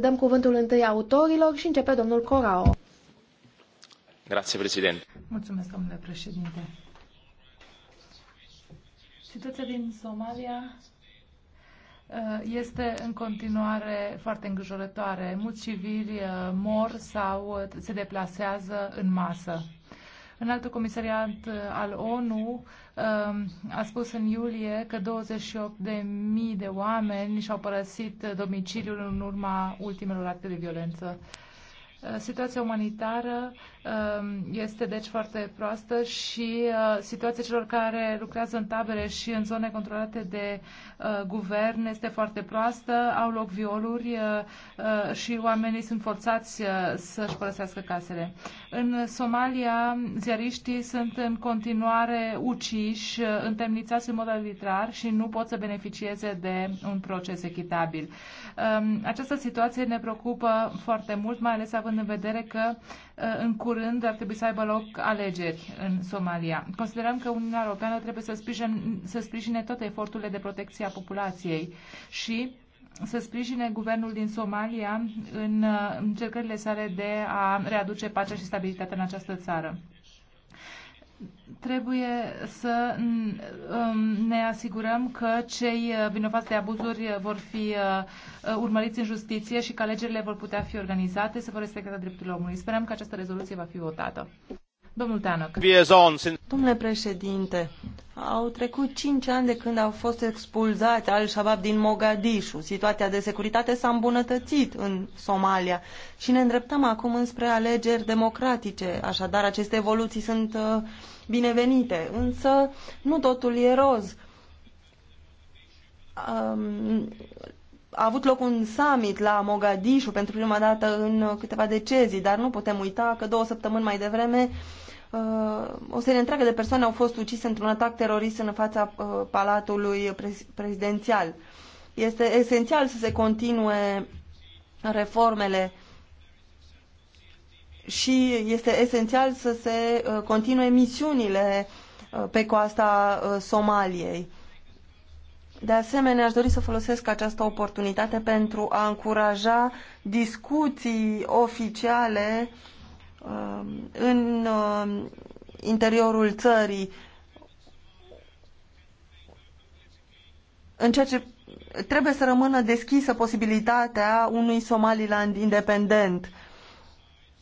Dăm cuvântul întâi autorilor și începe domnul Corao. Grazie, președinte. Mulțumesc, domnule președinte. Situația din Somalia uh, este în continuare foarte îngrijorătoare. Mulți civili uh, mor sau uh, se deplasează în masă. Înaltul Comisariat uh, al ONU um, a spus în iulie că 28.000 de, de oameni și-au părăsit domiciliul în urma ultimelor acte de violență. Uh, situația umanitară Um, este deci foarte proastă și uh, situația celor care lucrează în tabere și în zone controlate de uh, guvern este foarte proastă, au loc violuri uh, și oamenii sunt forțați să-și părăsească casele. În Somalia, ziariștii sunt în continuare uciși, întemnițați în mod arbitrar și nu pot să beneficieze de un proces echitabil. Um, această situație ne preocupă foarte mult, mai ales având în vedere că în curând curând ar trebui să aibă loc alegeri în Somalia. Considerăm că Uniunea Europeană trebuie să sprijine, să sprijine toate eforturile de protecție a populației și să sprijine guvernul din Somalia în uh, încercările sale de a readuce pacea și stabilitatea în această țară trebuie să um, ne asigurăm că cei uh, vinovați de abuzuri vor fi uh, uh, urmăriți în justiție și că alegerile vor putea fi organizate, se vor respecta drepturile omului. Sperăm că această rezoluție va fi votată. Domnul Teanăc. Domnule președinte, au trecut cinci ani de când au fost expulzați al-Shabaab din Mogadishu. Situația de securitate s-a îmbunătățit în Somalia și ne îndreptăm acum înspre alegeri democratice. Așadar, aceste evoluții sunt uh, binevenite, însă nu totul e roz. Um, a avut loc un summit la Mogadishu pentru prima dată în câteva decezii, dar nu putem uita că două săptămâni mai devreme uh, uh, o serie întreagă de persoane au fost ucise într-un atac terorist în fața uh, palatului prezidențial. Este esențial să se continue reformele și este esențial să se uh, continue misiunile uh, pe coasta uh, Somaliei. De asemenea, aș dori să folosesc această oportunitate pentru a încuraja discuții oficiale uh, Um, în um, interiorul țării. În ceea ce trebuie să rămână deschisă posibilitatea unui Somaliland independent.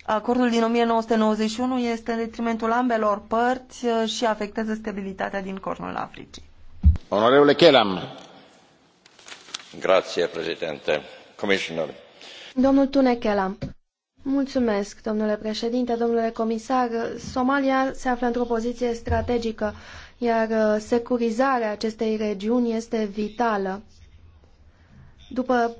Acordul din 1991 este în detrimentul ambelor părți uh, și afectează stabilitatea din cornul Africii. Onorevole Kelam. Grație, președinte. Commissioner. Domnul Tune Kelam. Mulțumesc, domnule președinte, domnule comisar. Somalia se află într-o poziție strategică, iar uh, securizarea acestei regiuni este vitală. După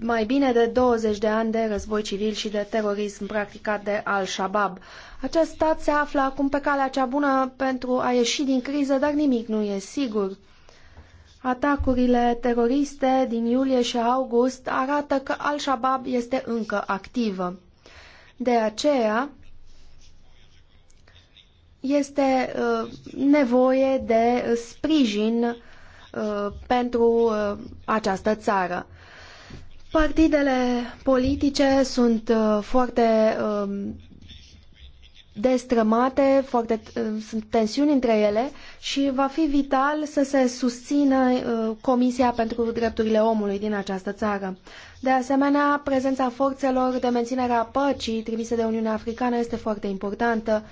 mai bine de 20 de ani de război civil și de terorism practicat de Al-Shabaab. Acest stat se află acum pe calea cea bună pentru a ieși din criză, dar nimic nu e sigur. Atacurile teroriste din iulie și august arată că Al-Shabaab este încă activă. De aceea este uh, nevoie de sprijin uh, pentru uh, această țară. Partidele politice sunt foarte um, destrămate, foarte, uh, sunt tensiuni între ele și va fi vital să se susțină uh, Comisia pentru Drepturile Omului din această țară. De asemenea, prezența forțelor de menținere a păcii trimise de Uniunea Africană este foarte importantă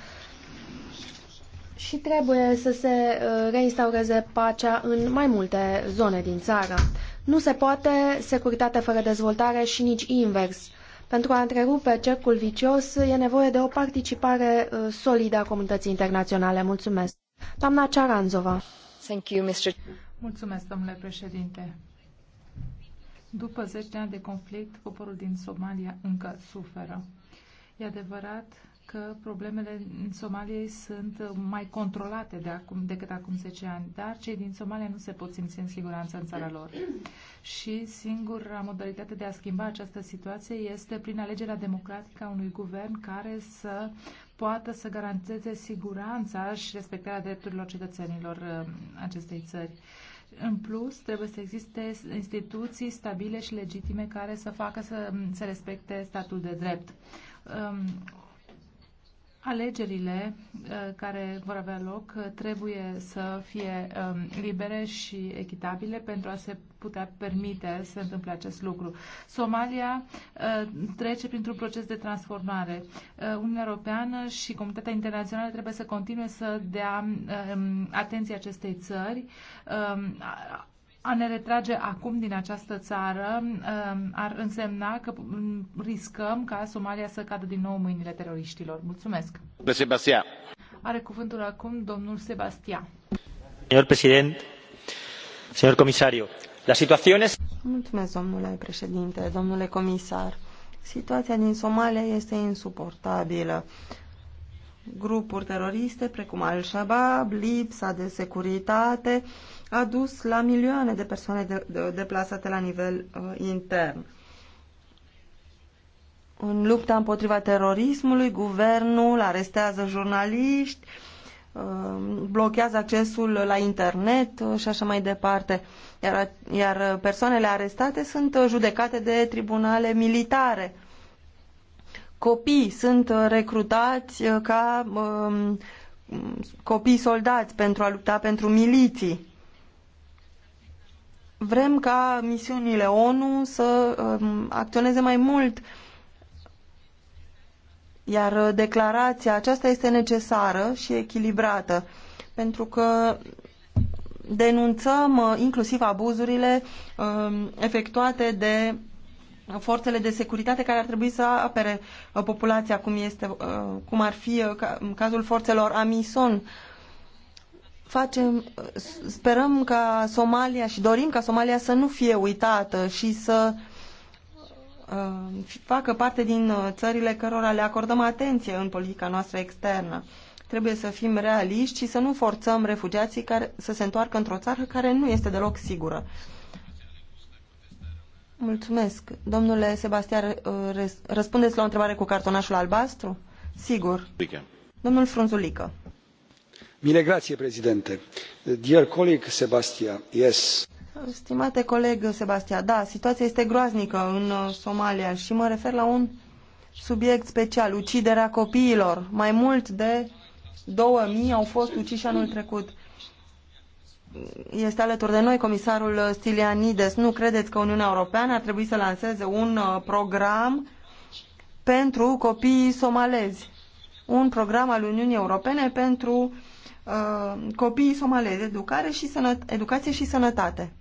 și trebuie să se uh, reinstaureze pacea în mai multe zone din țară. Nu se poate securitate fără dezvoltare și nici invers. Pentru a întrerupe cercul vicios, e nevoie de o participare uh, solidă a comunității internaționale. Mulțumesc. Doamna Ciaranzova. Thank you, Mr. Mulțumesc, domnule președinte. După 10 ani de conflict, poporul din Somalia încă suferă. E adevărat că problemele în Somalia sunt mai controlate de acum, decât acum 10 ani, dar cei din Somalia nu se pot simți în siguranță în țara lor. Și singura modalitate de a schimba această situație este prin alegerea democratică a unui guvern care să poată să garanteze siguranța și respectarea drepturilor cetățenilor uh, acestei țări. În plus, trebuie să existe instituții stabile și legitime care să facă să se respecte statul de drept um, Alegerile uh, care vor avea loc uh, trebuie să fie um, libere și echitabile pentru a se putea permite să întâmple acest lucru. Somalia uh, trece printr-un proces de transformare. Uniunea Europeană și comunitatea internațională trebuie să continue să dea um, atenție acestei țări um, a ne retrage acum din această țară um, ar însemna că um, riscăm ca Somalia să cadă din nou în mâinile teroriștilor. Mulțumesc. Sebastian. Are cuvântul acum domnul Sebastian. Domnul președinte, domnul comisario, la situación Mulțumesc, domnule președinte, domnule comisar. Situația din Somalia este insuportabilă grupuri teroriste precum Al-Shabaab, lipsa de securitate a dus la milioane de persoane de, de, deplasate la nivel uh, intern. În lupta împotriva terorismului, guvernul arestează jurnaliști, uh, blochează accesul la internet uh, și așa mai departe. Iar, iar persoanele arestate sunt uh, judecate de tribunale militare copii sunt uh, recrutați uh, ca um, copii soldați pentru a lupta pentru miliții. Vrem ca misiunile ONU să um, acționeze mai mult, iar uh, declarația aceasta este necesară și echilibrată, pentru că denunțăm inclusiv abuzurile um, efectuate de forțele de securitate care ar trebui să apere uh, populația, cum, este, uh, cum ar fi uh, în cazul forțelor Amison. Facem, sperăm ca Somalia și dorim ca Somalia să nu fie uitată și să facă parte din țările cărora le acordăm atenție în politica noastră externă. Trebuie să fim realiști și să nu forțăm refugiații care să se întoarcă într-o țară care nu este deloc sigură. Mulțumesc. Domnule Sebastian, uh, răspundeți la o întrebare cu cartonașul albastru? Sigur. Domnul Frunzulică. Mile grație, președinte. Dear colleague Sebastian, yes. Stimate coleg Sebastian, da, situația este groaznică în uh, Somalia și mă refer la un subiect special, uciderea copiilor. Mai mult de 2000 au fost uciși anul trecut este alături de noi comisarul Stilianides. Nu credeți că Uniunea Europeană ar trebui să lanseze un uh, program pentru copiii somalezi? Un program al Uniunii Europene pentru uh, copiii somalezi, educare și sănă... educație și sănătate.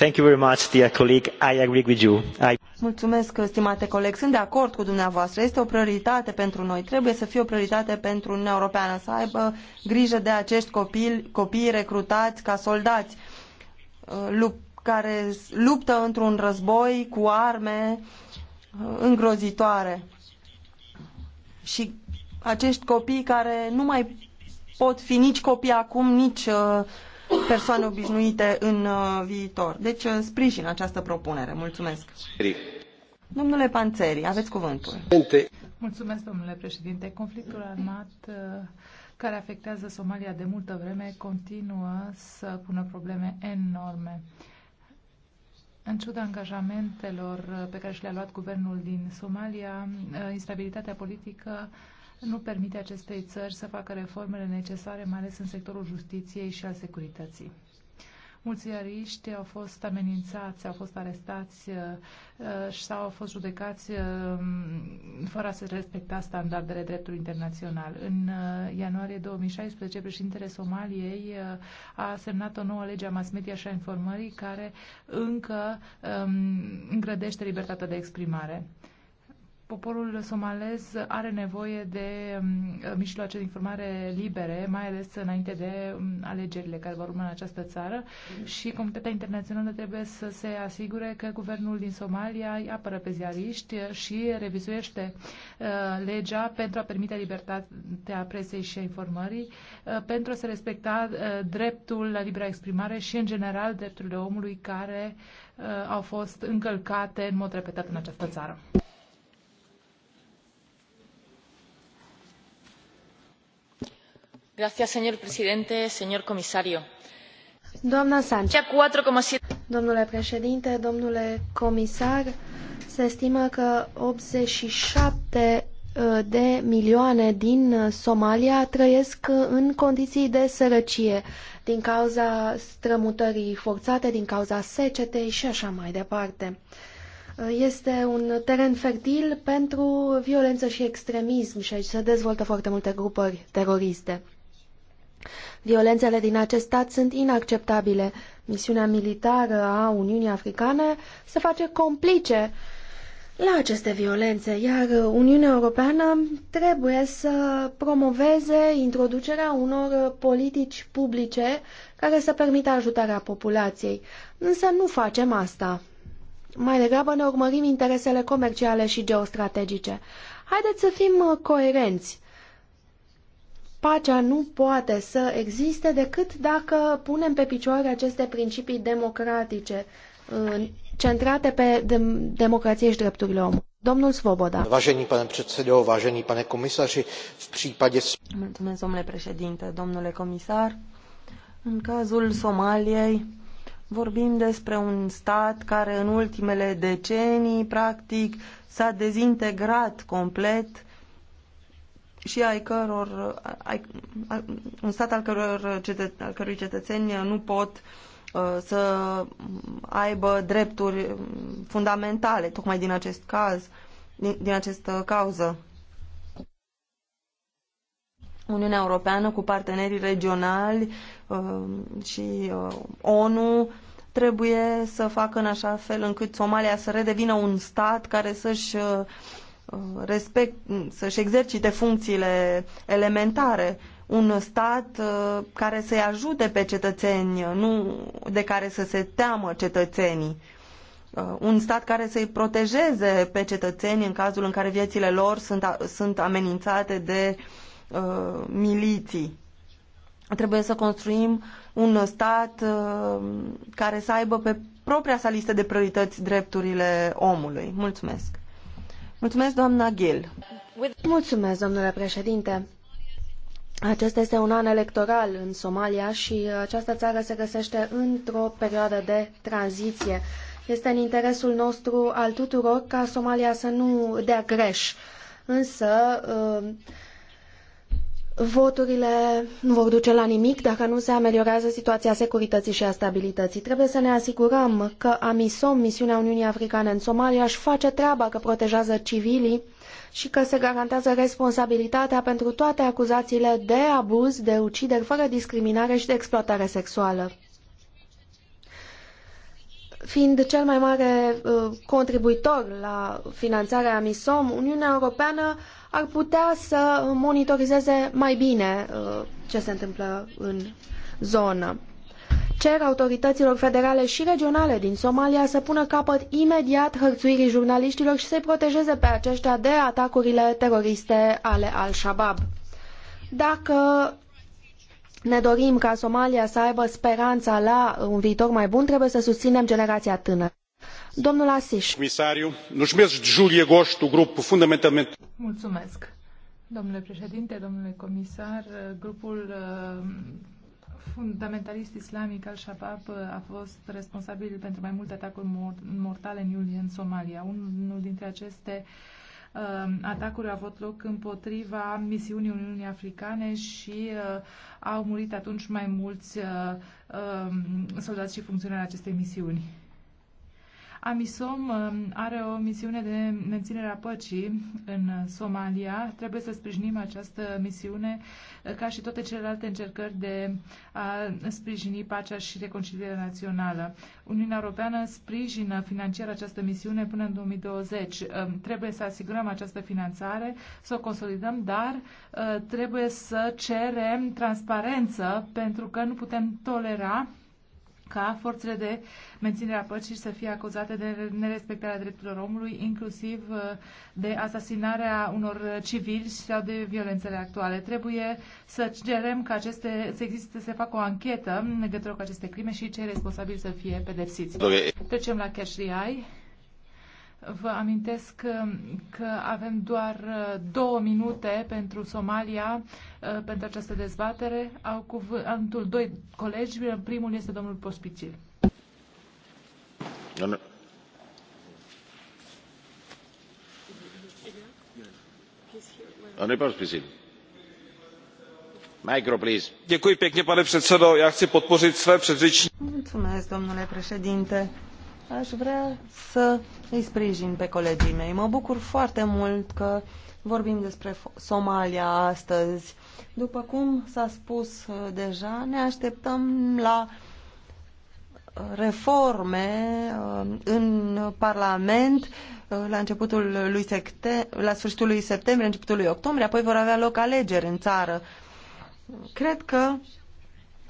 Thank you very much, dear colleague. I agree with you. I... Mulțumesc, stimate coleg. Sunt de acord cu dumneavoastră. Este o prioritate pentru noi. Trebuie să fie o prioritate pentru Uniunea Europeană să aibă grijă de acești copii, copii recrutați ca soldați uh, care luptă într-un război cu arme uh, îngrozitoare. Și acești copii care nu mai pot fi nici copii acum, nici uh, persoane obișnuite în uh, viitor. Deci uh, sprijin această propunere. Mulțumesc. Domnule Panțeri, aveți cuvântul. Mulțumesc, domnule președinte. Conflictul armat uh, care afectează Somalia de multă vreme continuă să pună probleme enorme. În ciuda angajamentelor pe care și le-a luat guvernul din Somalia, instabilitatea politică nu permite acestei țări să facă reformele necesare, mai ales în sectorul justiției și al securității. Mulți ziariști au fost amenințați, au fost arestați uh, uh, sau au fost judecați uh, fără a se respecta standardele dreptului internațional. În ianuarie 2016, președintele Somaliei a semnat o nouă lege a mass media și a informării care încă um, îngrădește libertatea de exprimare. Poporul somalez are nevoie de um, mijloace de informare libere, mai ales înainte de um, alegerile care vor urma în această țară și comunitatea internațională trebuie să se asigure că guvernul din Somalia îi apără pe ziariști și revizuiește uh, legea pentru a permite libertatea presei și a informării, uh, pentru a se respecta uh, dreptul la libera exprimare și, în general, drepturile omului care au fost încălcate în mod repetat în această țară. señor señor comisario domnule președinte domnule comisar se estimă că optzeci și șapte ă, de milioane din ă, Somalia trăiesc în condiții de sărăcie din cauza strămutării forțate, din cauza secetei și așa mai departe. Ă, este un teren fertil pentru violență și extremism și aici se dezvoltă foarte multe grupări teroriste. Violențele din acest stat sunt inacceptabile. Misiunea militară a Uniunii Africane se face complice la aceste violențe, iar Uniunea Europeană trebuie să promoveze introducerea unor politici publice care să permită ajutarea populației. Însă nu facem asta. Mai degrabă ne urmărim interesele comerciale și geostrategice. Haideți să fim coerenți Pacea nu poate să existe decât dacă punem pe picioare aceste principii democratice centrate pe democrație și drepturile omului. Domnul Svoboda. Vážený pane předsedo, vážený pane komisaři, v případě... Mulțumesc, domnule președinte, domnule comisar. În cazul Somaliei vorbim despre un stat care în ultimele decenii, practic, s-a dezintegrat complet și ai căror, ai, un stat al, căror al cărui cetățeni nu pot uh, să aibă drepturi um, fundamentale, tocmai din acest caz, din, din această cauză. Uniunea Europeană cu partenerii regionali uh, și uh, ONU trebuie să facă în așa fel încât Somalia să redevină un stat care să-și uh, Uh, respect, mm, să-și exercite funcțiile elementare, un stat uh, care să-i ajute pe cetățeni, uh, nu de care să se teamă cetățenii. Un stat care să-i protejeze pe cetățeni în cazul în care viețile lor sunt, sunt amenințate de uh, miliții. Trebuie să construim un stat uh, care să aibă pe propria sa listă de priorități drepturile omului. Mulțumesc! Mulțumesc, doamna Gil. Mulțumesc, domnule președinte. Acesta este un an electoral în Somalia și această țară se găsește într-o perioadă de tranziție. Este în interesul nostru al tuturor ca Somalia să nu dea greș. Însă, Voturile nu vor duce la nimic dacă nu se ameliorează situația securității și a stabilității. Trebuie să ne asigurăm că AMISOM, misiunea Uniunii Africane în Somalia, își face treaba că protejează civilii și că se garantează responsabilitatea pentru toate acuzațiile de abuz, de ucideri fără discriminare și de exploatare sexuală. Fiind cel mai mare uh, contribuitor la finanțarea AMISOM, Uniunea Europeană ar putea să monitorizeze mai bine uh, ce se întâmplă în zonă. Cer autorităților federale și regionale din Somalia să pună capăt imediat hărțuirii jurnaliștilor și să-i protejeze pe aceștia de atacurile teroriste ale Al-Shabaab. Dacă ne dorim ca Somalia să aibă speranța la un viitor mai bun, trebuie să susținem generația tânără. Domnul Asiș. Comisariu, nos meses de fundamentalmente... Mulțumesc. Domnule președinte, domnule comisar, grupul uh, fundamentalist islamic al-Shabaab uh, a fost responsabil pentru mai multe atacuri mortale în iulie în Somalia. Unul dintre aceste uh, atacuri a avut loc împotriva misiunii Uniunii Africane și au murit atunci mai mulți um, soldați și funcționari acestei misiuni. Amisom um, are o misiune de menținere a păcii în Somalia. Trebuie să sprijinim această misiune uh, ca și toate celelalte încercări de a sprijini pacea și reconcilierea națională. Uniunea Europeană sprijină financiar această misiune până în 2020. Um, trebuie să asigurăm această finanțare, să o consolidăm, dar uh, trebuie să cerem transparență pentru că nu putem tolera ca forțele de menținere a păcii să fie acuzate de nerespectarea drepturilor omului, inclusiv uh, de asasinarea unor civili sau de violențele actuale. Trebuie să cerem ca aceste, să existe, să facă o anchetă în legătură cu aceste crime și cei responsabili să fie pedepsiți. Trecem la cash Vă amintesc um, că avem doar uh, două minute pentru Somalia, uh, pentru această dezbatere. Au cuvântul doi colegi, primul este domnul Pospicil. Domnul. pane předsedající já chci podpořit své předřečníky. Aș vrea să îi sprijin pe colegii mei. Mă bucur foarte mult că vorbim despre Somalia astăzi. După cum s-a spus uh, deja, ne așteptăm la uh, reforme uh, în Parlament la începutul lui septembrie, la sfârșitul lui septembrie, începutul lui octombrie, apoi vor avea loc alegeri în țară. Cred că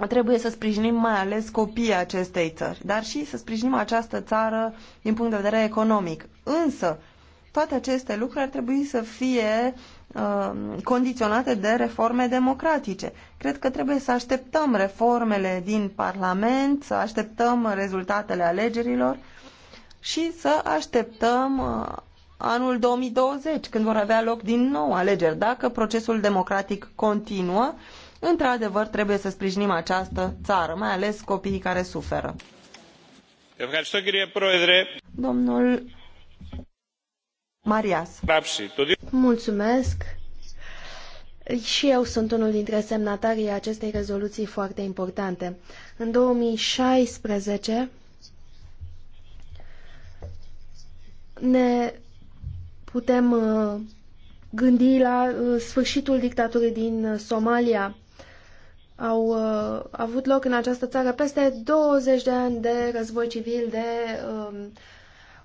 trebuie să sprijinim mai ales copiii acestei țări, dar și să sprijinim această țară din punct de vedere economic. Însă, toate aceste lucruri ar trebui să fie uh, condiționate de reforme democratice. Cred că trebuie să așteptăm reformele din Parlament, să așteptăm rezultatele alegerilor și să așteptăm uh, anul 2020, când vor avea loc din nou alegeri, dacă procesul democratic continuă într-adevăr trebuie să sprijinim această țară, mai ales copiii care suferă. Domnul Marias. Mulțumesc. Și eu sunt unul dintre semnatarii acestei rezoluții foarte importante. În 2016 ne putem uh, gândi la uh, sfârșitul dictaturii din Somalia au uh, avut loc în această țară peste 20 de ani de război civil, de uh,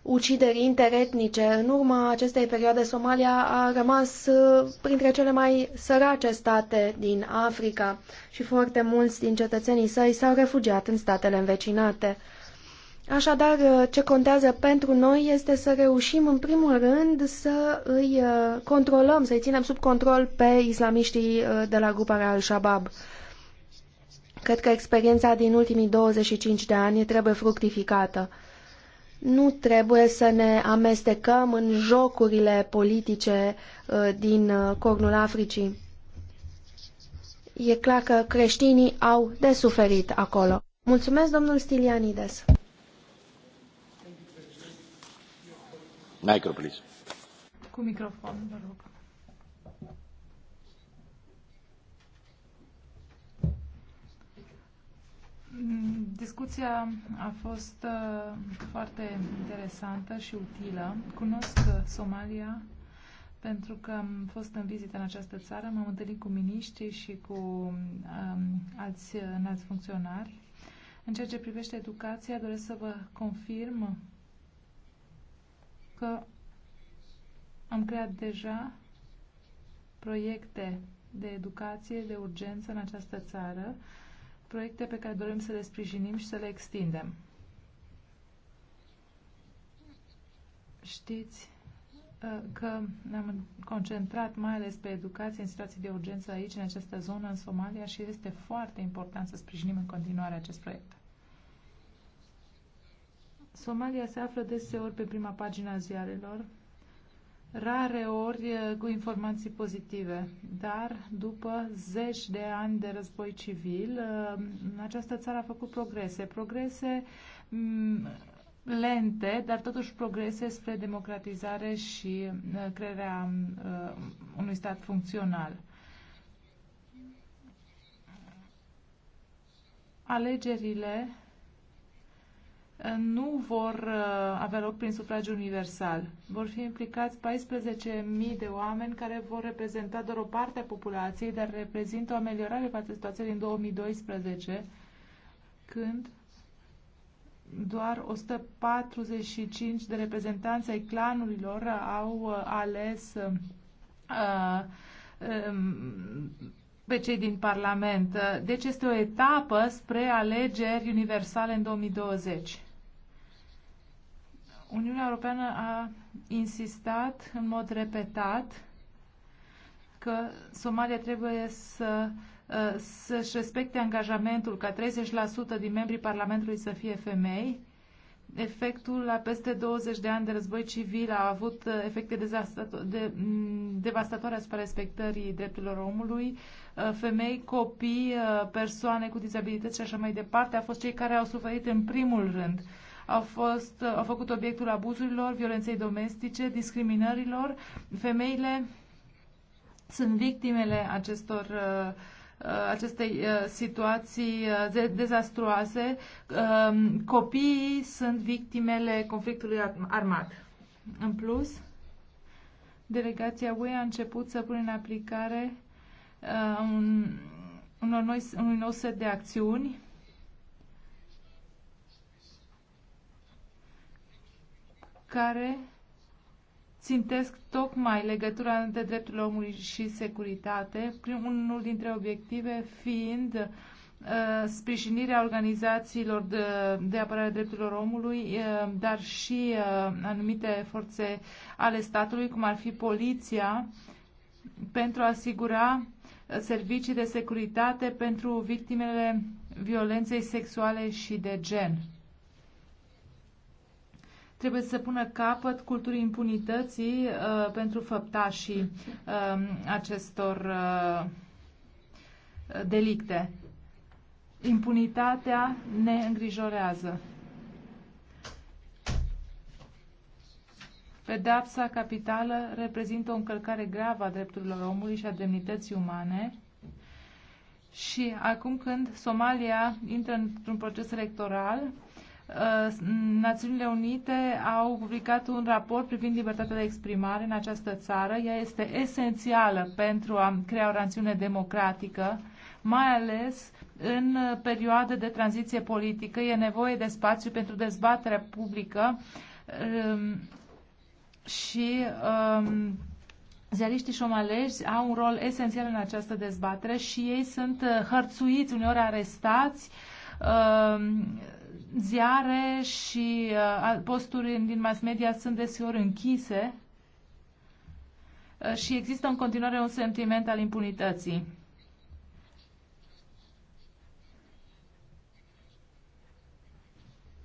ucideri interetnice. În urma acestei perioade, Somalia a rămas uh, printre cele mai sărace state din Africa și foarte mulți din cetățenii săi s-au refugiat în statele învecinate. Așadar, uh, ce contează pentru noi este să reușim, în primul rând, să îi uh, controlăm, să-i ținem sub control pe islamiștii uh, de la gruparea Al-Shabaab. Cred că experiența din ultimii 25 de ani trebuie fructificată. Nu trebuie să ne amestecăm în jocurile politice uh, din uh, cornul Africii. E clar că creștinii au de suferit acolo. Mulțumesc, domnul Stilianides. Micro, please. Cu microfon, vă rog. Discuția a fost uh, foarte interesantă și utilă. Cunosc uh, Somalia pentru că am fost în vizită în această țară, m-am întâlnit cu miniștri și cu um, alți înalți funcționari. În ceea ce privește educația, doresc să vă confirm că am creat deja proiecte de educație de urgență în această țară proiecte pe care dorim să le sprijinim și să le extindem. Știți uh, că ne-am concentrat mai ales pe educație în situații de urgență aici, în această zonă, în Somalia și este foarte important să sprijinim în continuare acest proiect. Somalia se află deseori pe prima pagina ziarelor rare ori cu informații pozitive, dar după zeci de ani de război civil, această țară a făcut progrese. Progrese lente, dar totuși progrese spre democratizare și crearea unui stat funcțional. Alegerile nu vor uh, avea loc prin sufragiu universal. Vor fi implicați 14.000 de oameni care vor reprezenta doar o parte a populației, dar reprezintă o ameliorare față de situația din 2012, când doar 145 de reprezentanți ai clanurilor au uh, ales uh, uh, um, pe cei din Parlament. Deci este o etapă spre alegeri universale în 2020. Uniunea Europeană a insistat în mod repetat că Somalia trebuie să uh, să-și respecte angajamentul ca 30% din membrii Parlamentului să fie femei. Efectul la peste 20 de ani de război civil a avut uh, efecte de, mm, devastatoare asupra respectării drepturilor omului. Uh, femei, copii, persoane cu dizabilități și așa mai departe au fost cei care au suferit în primul rând au, fost, au făcut obiectul abuzurilor, violenței domestice, discriminărilor. Femeile sunt victimele acestor uh, uh acestei uh, situații uh, dezastruoase. Um, copiii sunt victimele conflictului armat. În plus, delegația UE a început să pună în aplicare un, unor noi, un nou set de acțiuni care țintesc tocmai legătura între drepturile omului și securitate, unul dintre obiective fiind uh, sprijinirea organizațiilor de, de apărare a drepturilor omului, uh, dar și uh, anumite forțe ale statului, cum ar fi poliția, pentru a asigura uh, servicii de securitate pentru victimele violenței sexuale și de gen trebuie să pună capăt culturii impunității uh, pentru făptașii uh, acestor uh, delicte. Impunitatea ne îngrijorează. Pedapsa capitală reprezintă o încălcare gravă a drepturilor omului și a demnității umane și acum când Somalia intră într-un proces electoral, Uh, Națiunile Unite au publicat un raport privind libertatea de exprimare în această țară. Ea este esențială pentru a crea o rațiune democratică, mai ales în perioade de tranziție politică. E nevoie de spațiu pentru dezbatere publică um, și um, ziariștii șomalezi au un rol esențial în această dezbatere și ei sunt uh, hărțuiți, uneori arestați, um, ziare și uh, posturi din mass media sunt deseori închise uh, și există în continuare un sentiment al impunității.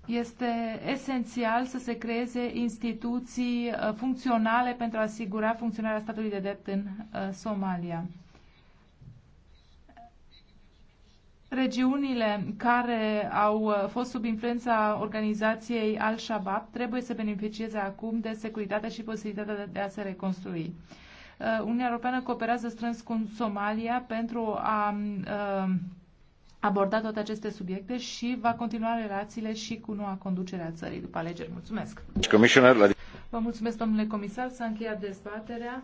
Este esențial să se creeze instituții uh, funcționale pentru a asigura funcționarea statului de drept în Somalia. Regiunile care au uh, fost sub influența organizației Al-Shabaab trebuie să beneficieze acum de securitate și posibilitatea de a se reconstrui. Uh, Uniunea Europeană cooperează strâns cu Somalia pentru a uh, aborda toate aceste subiecte și va continua relațiile și cu noua conducere a țării după alegeri. Mulțumesc! Vă mulțumesc, domnule comisar, s-a încheiat dezbaterea.